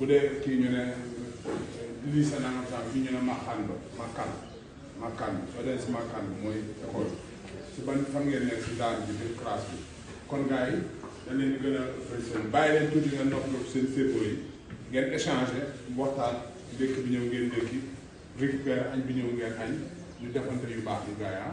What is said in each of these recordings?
bu dee kii ñu ne lii sa nangam saa fii ñu ne makkaan ba makkaan makkaan bi soo dee si makkaan bi mooy école si ban fan ngeen nekk si daara ji biir classe bi kon gars yi dañ leen gën a fay bàyyi leen tuuti nga noppalu seen cerveau yi ngeen échanger waxtaan dëkk bi ñëw ngeen dëkki récupérer añ bi ñëw ngeen añ ñu defante yu baax yu gars yi ah.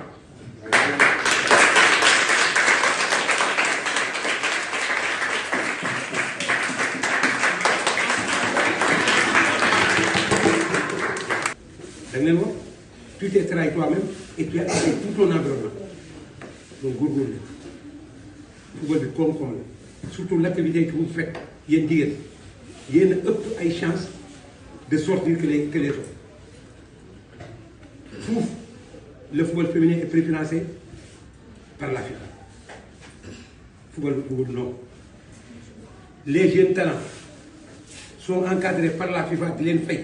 tu t'es trahi toi-même et tu as trahi tout ton environnement. Donc, Gourgoul, pour le comprendre. surtout l'activité que vous faites, il y a une dire, il y a une chance de sortir que les, autres. le football féminin est préfinancé par la FIFA. Football, football, non. Les jeunes talents sont encadrés par la FIFA de l'ENFEI.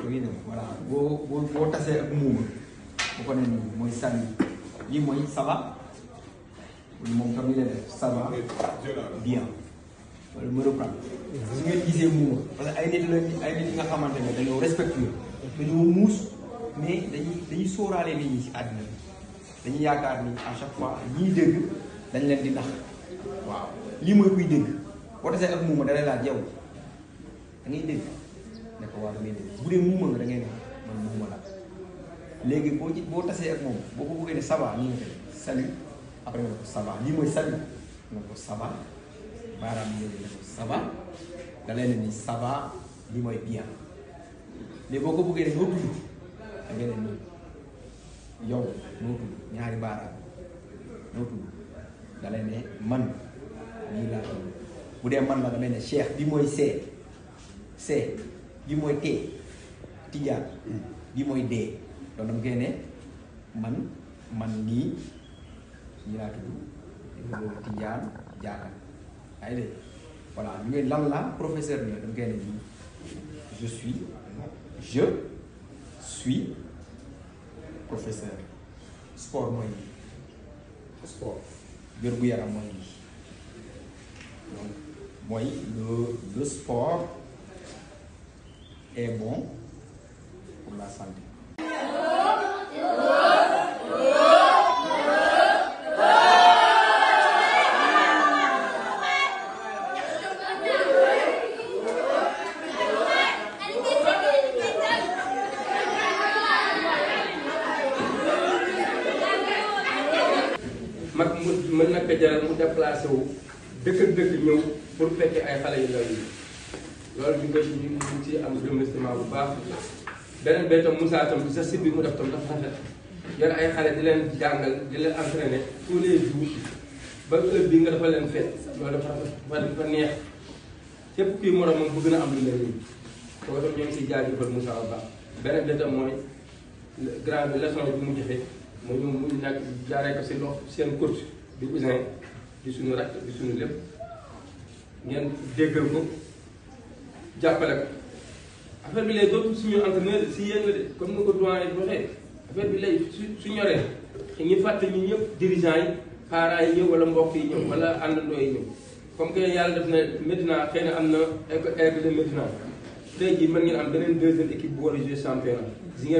mi ne voilà boo boo boo tasee ak muuma bu ko ne nii mooy sànni yi mooy ça va moom tamit la def ça va bien wala ma reprendre su ngeen gisee muuma parce que ay nit la ay nit nga xamante ne dañoo respectueux dañoo muus mais dañuy dañuy sóoraale nit si àddina bi dañuy yaakaar ni à chaque fois ñiy dégg dañ leen di nax waaw lii mooy kuy dégg boo tasee ak muuma da laa laaj yow da ne ko waa damay dégg bu dee muuma nga da man muuma la léegi boo ci boo tasee ak moom boo ko bëggee ne ça va nii nga tey salut après nga ne ko ça baaraam bi nga ko ça va ne nii ça va mooy bien léegi boo ko bëggee ne noo tudd da ngay ne nii yow noo tudd ñaari baaraam noo tudd da ne man lii laa tudd bu dee man la damay ne Cheikh bi mooy see see. bi mooy tee tijaan bi donc dama man man voilà ñu ngi professeur ni dama je suis je suis professeur sport moi. sport wér yaram le sport est eh, bon pour la santé. mag mu mën na ko jaral mu déplacé wu dëkk dëkk ñëw pour fekkee ay xale yu ndaw yi loolu ñu bëri ñu ngi ci am remerciement bu baax beneen bi itam Moussa itam sa site bi mu def tam dafa rafet yor ay xale di leen jàngal di leen entraîné tous les jours ba heure bii nga dafa leen fekk loolu dafa dafa dafa neex képp kuy moromam bu gën a am lu mel nii kooku itam ñoo ngi siy jaajëfal Moussa bu baax beneen bi itam mooy grand bi leçon bi mu joxe mu ñu mu nag jaaree ko si lox seen coach di Ousin di suñu rakk di suñu lépp ngeen déggal ko. jàppale ko affaire bi lay dootul suñu entraîneur si yéen la de comme ni ko doyen waxee affaire bi lay su su ñoree ñu fàtte ñi ñëpp dirigeant yi parents ñëw wala mbokk yi ñëw wala àndandoo yi ñëw comme que yàlla def na Medina xëy na am na école de Medina tey jii mën beneen bu war a jouer championnat si bu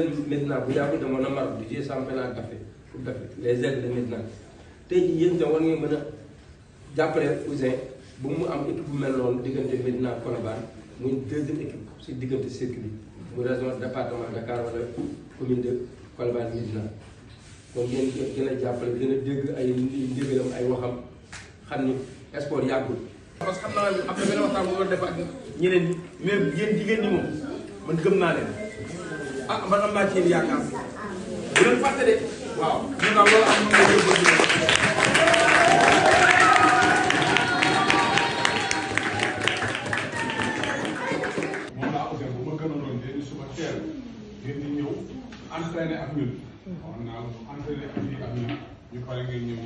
yàgg demoon na Maroc di jouer championnat café pour café les aigles de Medina tey jii yéen itam war ngeen mën a jàppale Ouzin ba mu am équipe bu mel noonu diggante Medina Colobane muy deuxième équipe si diggante circuit bi mu région département Dakar wala commune de Colobane Médina kon ngeen gën a jàppale gën a dégg ay waxam xam ni sport yàggul. parce que xam naa ne am na benn waxtaan bu doon def ak ñeneen ñi mais yéen jigéen ñi moom man gëm naa leen ah man am naa ci yéen yaakaar bu leen fàtte de waaw. ñu naan loolu am na entraîné ak ñun. waxoon naa ko entraîné ak lii ak ñun ñu pare ngeen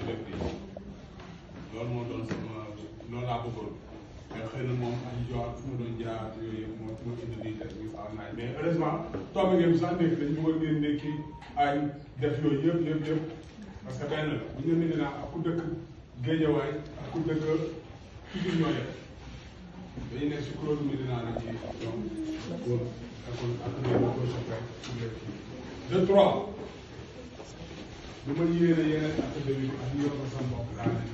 moo doon sama loolu laa bëggoon mais xëy moom ak joor mu doon jaar yooyu yëpp moo moo indi lii def ñu xaar naaj mais heureusement toog ngeen sax nekk dañ ñu war ngeen nekki ay def yooyu yëpp yëpp yëpp parce que benn la bu ñu ne dinaa ak ku dëkk géejawaay ak ku dëkk toujours ñoo def dañu nekk si kuréel mi dinaa la ci ñoom kon ak kon ak ñoom moo koy soppee de trois lu ma yéene yeneen affaire yi ak yokk sa mbokk laa leen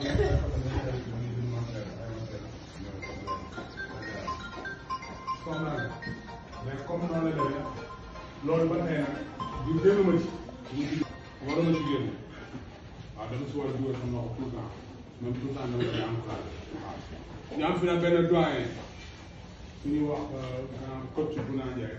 yéene. mais comme noonu la demee loolu ba tey nag du génn ma ci. war ma ci génn waaw dama si war a dugal sama loxo tout le temps même tout le temps dama koy encouragé waaw. ñu am fi nag benn doyen su ñuy wax euh, grand coach bu naa Ndiaye.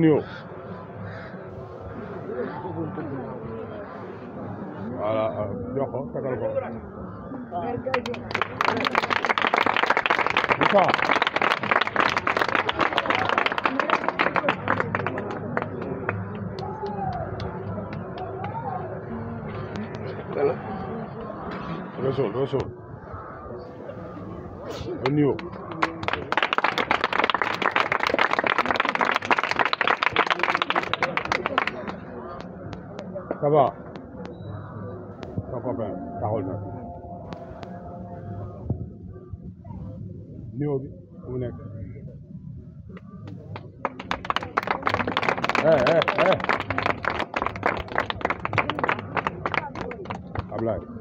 Júnior. Yok, tekrar bak. Musa. ça va sa copain taxul na néew bi mu nekk Ablaye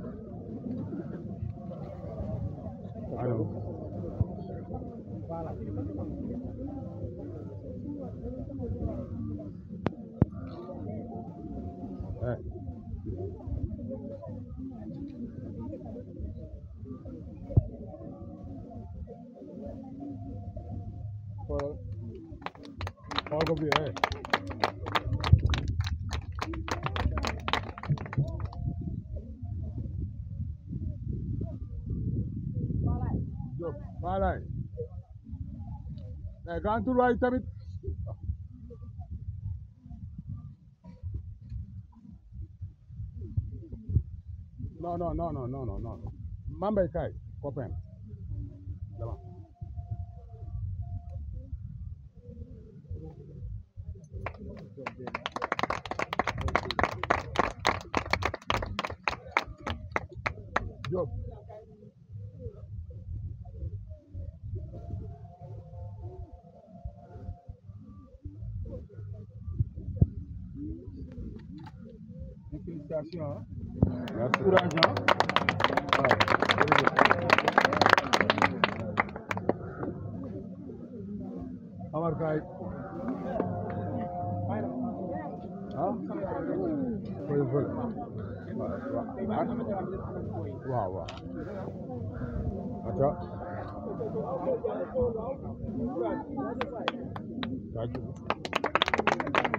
Ganturba está No, no, no, no, no, no, no. Mamba kai, kopen. Jamaa. Job. félicitations. Hein. Merci. Encourageant. Our guy. Huh? Wow, wow. Acha. Thank you.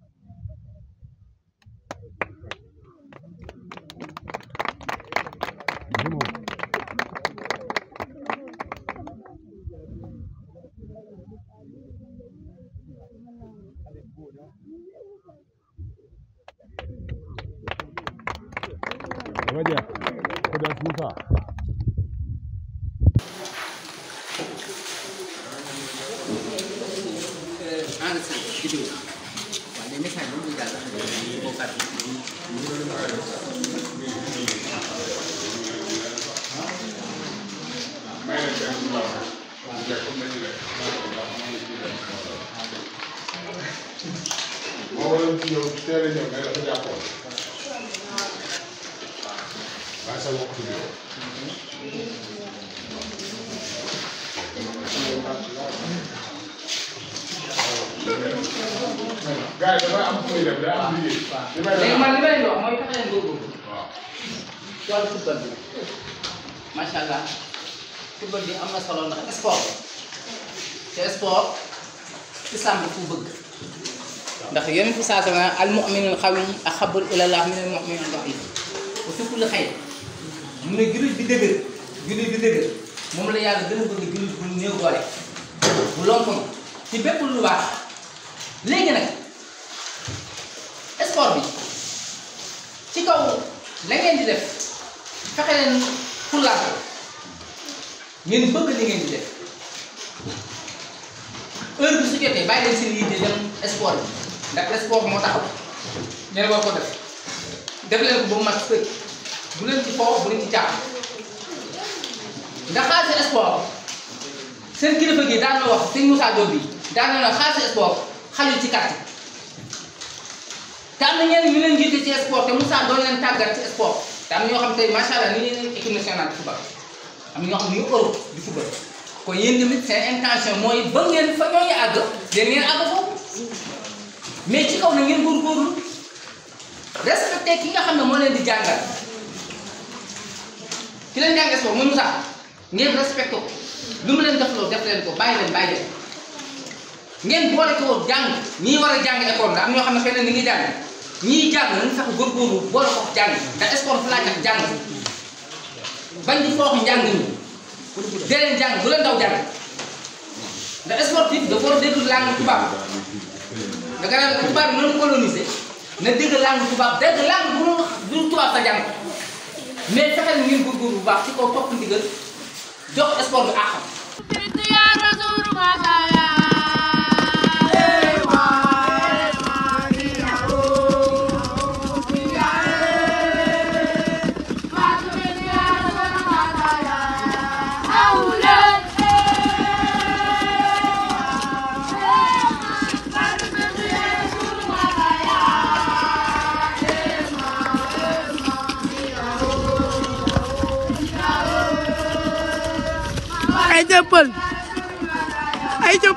gars yi dafay bi allah football bi am na solo ndax sport te sport islam bëgg. ndax yeneen fu saa sama al mu'minul qawi ilallah minal mu'minil da'if ba fi kulli xayr mu ne jullit bi bi dëgër moom la yàlla gën a bëgg jullit bu néew doole bu lonkoñ ci bépp lu baax. léegi nag sport bi ci kaw la ngeen di def fexe leen fulaat ko ngeen bëgg li ngeen di def heure bi su jotee bàyyi leen seen yitte dem sport bi ndax sport moo taxaw ñeen ko def def leen ko ba mu mat sëkk bu leen ci foofu bu leen ci jàpp ndax xaalis sport seen kilifa gi daan na wax sëñ Moussa Diop bi daan na xaalis sport xale yi ci quartier te am na ñenn ñu leen jiite ci sport te Moussa doon leen tàggat ci sport te am na ñoo xam ni ñuy équipe di football am na ñoo xam ne ñu Europe di football kon seen intention mooy ba ngeen fa ñooñu àgg yéen ngeen àgg foofu mais ci kaw na ngeen góorgóorlu respecté ki nga xam ne moo leen di jàngal ki leen jàngal sport muy Moussa ngeen respecté ko lu mu leen def loolu def leen ko bàyyi leen bàyyi leen. ngeen boole ko jang ñii wara jang école école am ñoo xamne fenn ni ngi jang ñii jang nañ sax goor boole ko jang da école fa laa jang jàng bañ di foox jang ni dee jang bu len daw jàng ndax sportif da war a dégg langue tubaab da nga naan tubaab bi noonu colonisé na dégg langue tubaab dégg langue bu nu bu nu tubaab sa jàng mais fexeel goor goor bu baax ci ko top ndigal jox sport bi àqam.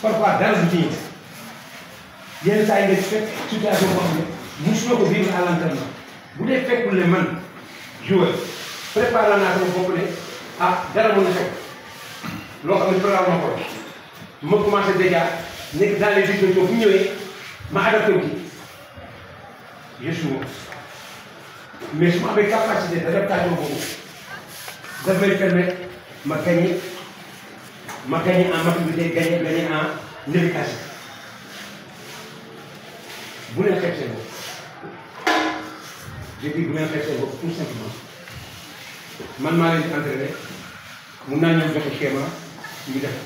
parfois dangereux yenn saa yi nga fekk situation boo xam ne mosuloo ko vivre à l'entraînement bu dee fekkul ne man joueur préparé naa sama bopp ne ah dara mën na fekk loo xam ne préparé naa ko ma nekk dans les dispositions bu ñëwee ma adapté wu ci je suis moom mais su ma amee capacité d'adaptation boobu daf may permettre ma gagner. ma gagné en maturité gagné gagné en efficacité bu leen xeeb seen bopp bu leen xeeb seen bopp tout man maa leen di entraîné mun naa ñëw joxe schéma ñu def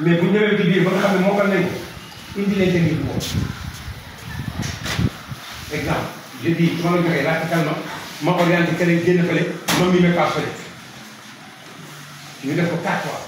mais bu ñëwee ci biir ba nga xam ne moo ko nañ indi leen seen yëngu bopp exemple je dis su ma la joxee radicalement ma orienté keneen génn fële ma mimé paas fële ñu def ko quatre fois.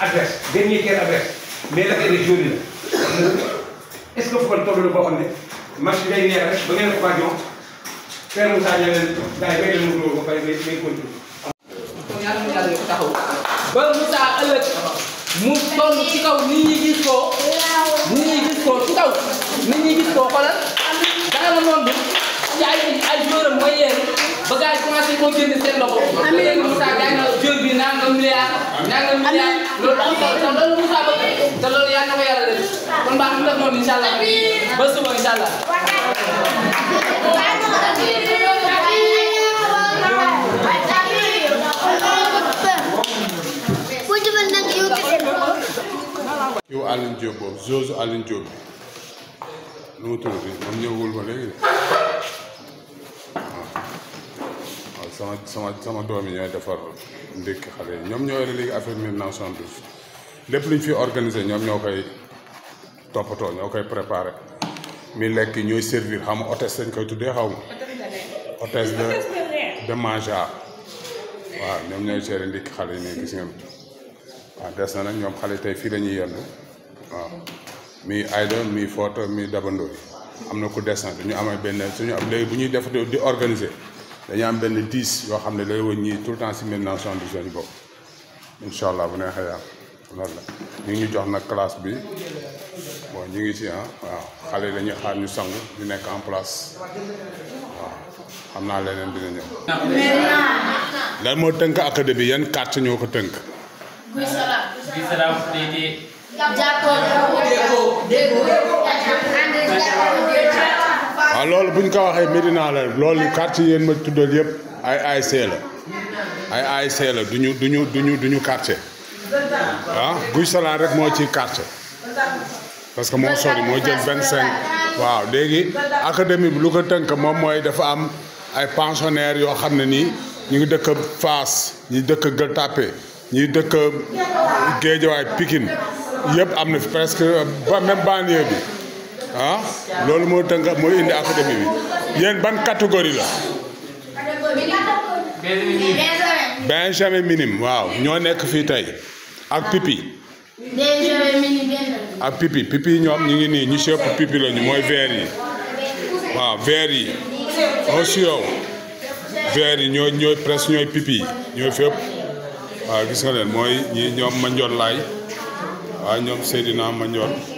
adverse dernier tiers adverse mais la kay def jaune la est ce que foog nga tolloo boo xam ne match bi day neex rek ba ngeen occasion Père Moussa ñaan leen gars yi bay leen mu ba pare bay bay continuer. yàlla na yàlla taxaw ba Moussa ëllëg mu toll ci kaw nit ñi gis ko. bagage commencé koo jënd seen loxo amiin Moussa Gaye na jël bi nangam milliard nangam milliard loolu am solo loolu Moussa bëgg te loolu yàlla na ko yàlla def kon baax na def noonu incha allah ba suba incha allah yow Alioune Diop Zozo Alioune Diop bi nu mu tudd moom ñëwul ko sama sama sama doom yi ñooy defar ndékki xale yi ñoom ñoo yore léegi affaire mille neuf cent douze lépp lu ñu fi organisé ñoom ñoo koy toppatoo ñoo koy préparé mi lekk ñooy servir xam nga hôtesse dañ koy tuddee xaw ma hôtesse de waaw ñoom ñooy gérer ndékki xale yi ne gis ngeen waaw na ñoom xale tey fii lañuy ñuy yendu waaw mi Aïda mi Fota mi Dabandoo am na ku des na ñu amee benn suñu am léegi bu ñuy def di organiser. dañu benn diis yoo xam ne lay wëññi tout le temps si mille neuf cent dix yi bopp incha bu neexee yàlla loolu ñu ngi ñu jox nag classe bi bon ñu ngi ci ah waaw xale yi dañuy xaar ñu sangu ñu nekk en place waaw xam naa leneen dina ñëw. lan moo tënk académie bi yan quartier ñoo ko tënk. waaw loolu bu ñu ko waxee Médina la loolu quartier yéen ma tuddal yëpp ay ay la ay ASC la duñu duñu duñu duñu quartier waaw ah, Guy Salane rek moo ci quartier parce que moo sori moo jël vingt cinq waaw léegi académie bi lu ko tënk moom mooy dafa am ay pensionnaires yoo xam ne nii ñu ngi dëkk Fass ñu dëkk Gueule Tapée ñuy dëkk Guédiawaye Pikine yëpp am na fi presque ba même banlieue bi ah loolu mooy tënk mooy indi académie bi yéen ban catégorie la. benjamin minime waaw ñoo nekk fii tey ak pipi. ak pipi pipi ñoom ñu ngi nii ñu si ëpp pipi lañu mooy verre yi waaw verre yi aussi yow verre yi ñooy ñooy presque ñooy pipi yi ñooy fépp waaw gis nga leen mooy ñi ñoom ma laay waaw ñoom Seydina ma njoon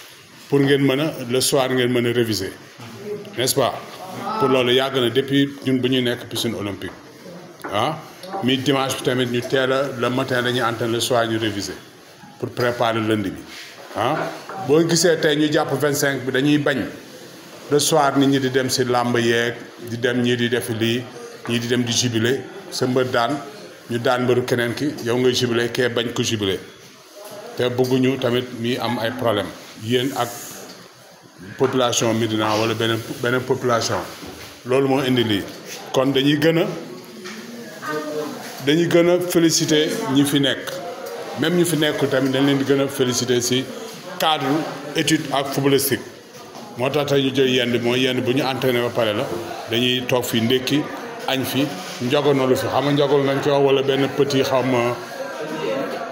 pour ngeen mën le soir ngeen mën réviser n'est-ce pas pour lolu yàgg na depuis ñun bu ñuy nekk piscine olympique ah mi dimanche bi tamit ñu téla le matin dañuy entraîner le soir ñu réviser pour préparer lundi bi ah boo gisee tey ñu japp 25 bi dañuy bañ le soir nit ñi di dem ci làmb yeeg di dem ñi di def li ñi di dem di jubilé sa mbër daan ñu daan mbëru keneen ki yow ngay jubilé kee bañ ko jubilé te bëgguñu tamit mi am ay problème yéen ak population Médina wala beneen beneen population loolu moo indi lii kon dañuy gën a dañuy gën a féliciter ñi fi nekk même ñi fi nekkul tamit dañ leen di gën a féliciter ci cadre étude ak footballistique moo tax te ñu jël yenn bi mooy bu ñu entraîné ba pare la dañuy toog fi ndékki añ fi njogonalu fi xam nga njogonalu nañ ko wax wala benn petit xaw ma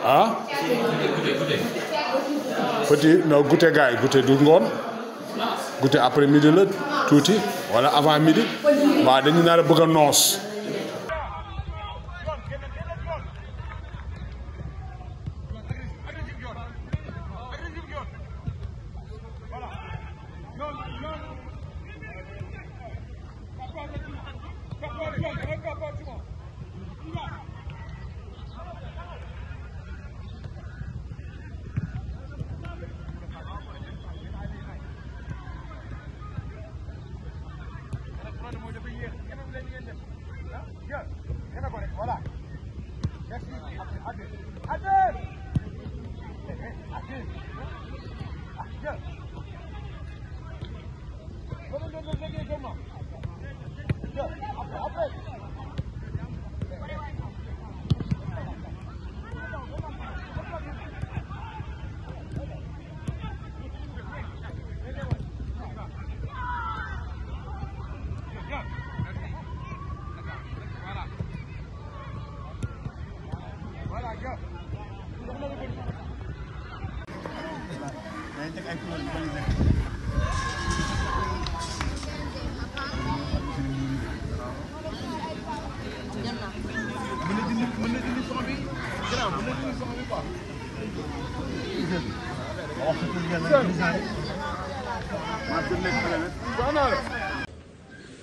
ah. petit non goûter gars yi goûter du ngoon goûter après midi la tuuti wala avant midi waaw dañu nar a bëgg noos.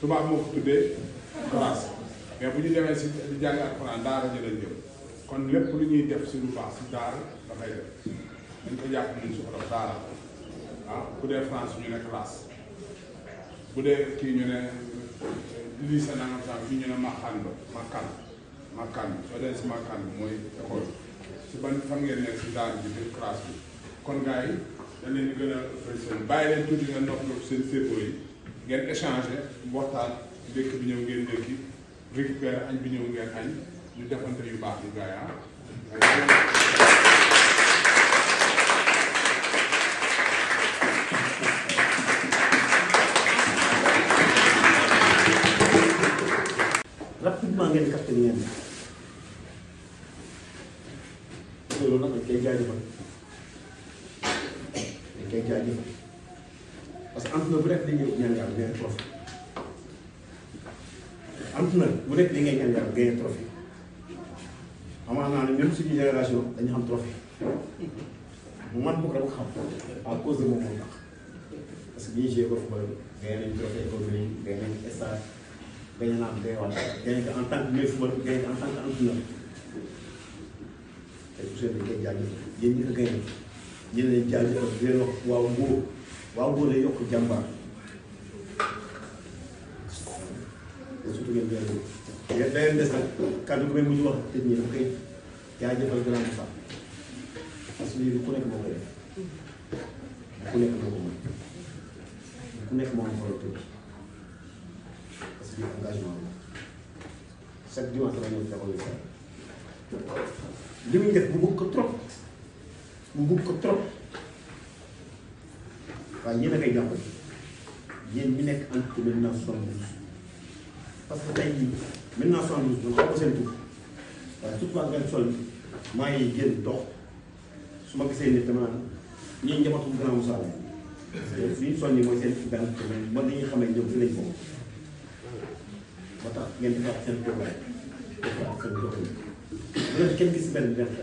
tuba mo ko tuddé class mais buñu démé ci di jàng alcorane daara ji lañ jëm kon lepp lu ñuy def ci lu baax ci daara da fay def ñu ko japp ñu ci xolof daara ah bu dé France ñu né class bu dé ki ñu né li sa nangam sa fi ñu né makkan do makkan makkan so dé ci makkan moy école ci ban fam ngeen né ci daara ji biir class bi kon gaay dañ leen gëna fay seen bay leen tuddi nga ndox seen cerveau yi ngeen échanger waxtaan dëkk bi ñëw ngeen dëkki récupérer añ bi ñëw ngeen añ ñu defante yu baax yu gaay ah rapidement ngeen capté ngeen loolu nag dañ koy jaajëfal dañ koy jaajëfal parce que entrepreneur bu nekk dañuy ñaan yàlla gagné trophée entrepreneur bu nekk dañuy ñaan yàlla gagné trophée xamaa naa ne même suñu génération dañu am trophée man bu ko dama xam à cause de moom moo tax parce que bi ñu joué ko football gagné nañu trophée école bi gagné nañu stade gagné naa am gagné waat gagné ko en tant que meilleur football gagné ko en tant que entrepreneur te monsieur bi koy jaajëfal yéen ñi ko gagné ñu leen jaajëfal di leen wax waaw mbóo waaw boo dee yokk jàmbaar surtout ngeen jëriñu ngeen da leen des nag kàddu gi mujj wax tëj ñi koy jaajëfal grand Moussa parce que lii ku nekk moo koy def ku nekk moo ko mën ku nekk moo am solo tëj parce que engagement la chaque dimanche la ñuy defal li muy def mu bëgg ko trop mu bëgg ko trop. waaye yéen a koy jàppale yéen ñi nekk entité mille neuf cent soixante-douze parce que tey jii mille neuf cent soixante-douze man xaw ma seen tur waaye maa ngi génn dox su ma gisee nit dama naan ñii njabootu Grand Moussa la li ñu soññi mooy seen benn problème mën nañu xamee ñoom si lañ bokk ba tax ngeen defaat seen problème defaat seen problème bu leen kenn gis